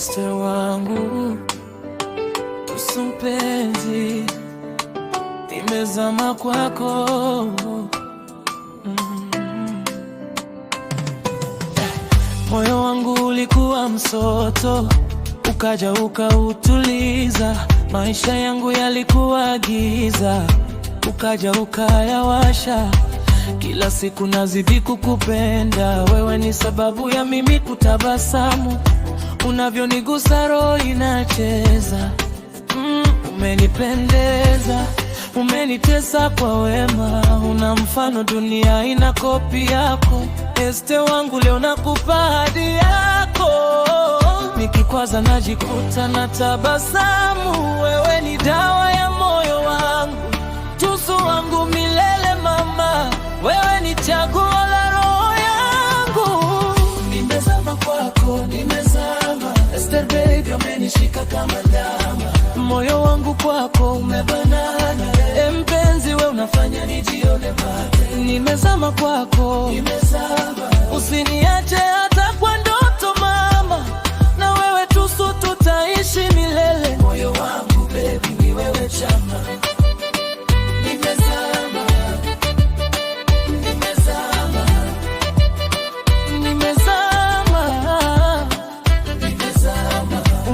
Esther wangu usu nimezama kwako mm Moyo wangu ulikuwa msoto, ukaja ukautuliza. Maisha yangu yalikuwa giza, ukaja ukayawasha. Kila siku nazidi kukupenda, wewe ni sababu ya mimi kutabasamu unavyonigusa roho inacheza mm, umenipendeza, umenitesa kwa wema, una mfano dunia ina kopi yako. Este wangu leo nakupa hadi yako, nikikwaza najikuta na tabasamu, wewe ni dawa ya amenishika kama ndama, moyo wangu kwako umebanana. E mpenzi, we unafanya nijione mate, nimezama kwako, nimezama usini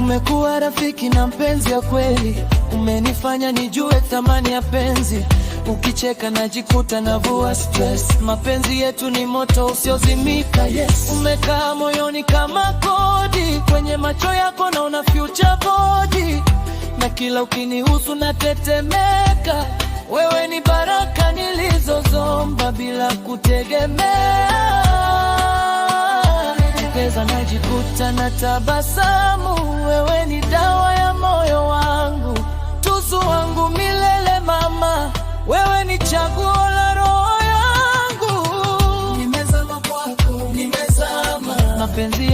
Umekuwa rafiki na mpenzi ya kweli, umenifanya nijue thamani ya penzi. Ukicheka najikuta navua stress. Mapenzi yetu ni moto usiozimika, yes. Umekaa moyoni kama kodi, kwenye macho yako naona future body, na kila ukinihusu natetemeka. Wewe ni baraka nilizozomba bila kutegemea pesa najikuta na tabasamu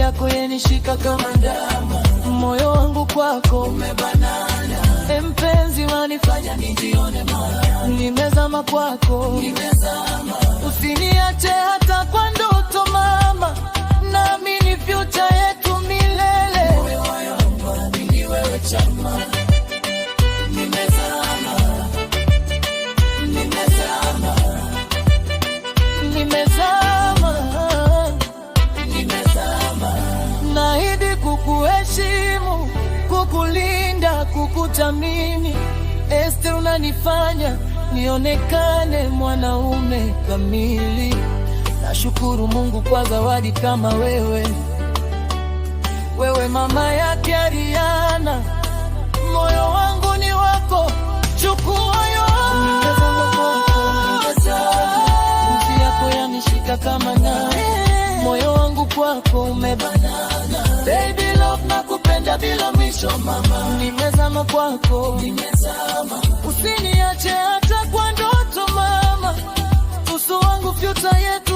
yako yenishika kama ndama, moyo wangu kwako umebanana, e mpenzi wanifanya nijione mara, nimezama kwako, nimezama, usiniache hata kwa ndoto mama, naamini future yetu milele, moyo wangu ni wewe chama kukuta mimi Ester, unanifanya nionekane mwanaume kamili. Nashukuru Mungu kwa zawadi kama wewe. Wewe mama yake Ariana, moyo wangu ni wako, chukua yo yako yanishika kama na moyo wangu kwako umebanana. Baby love, nakupenda bila nimezama kwako, usiniache hata kwa ndoto mama, uso wangu yetu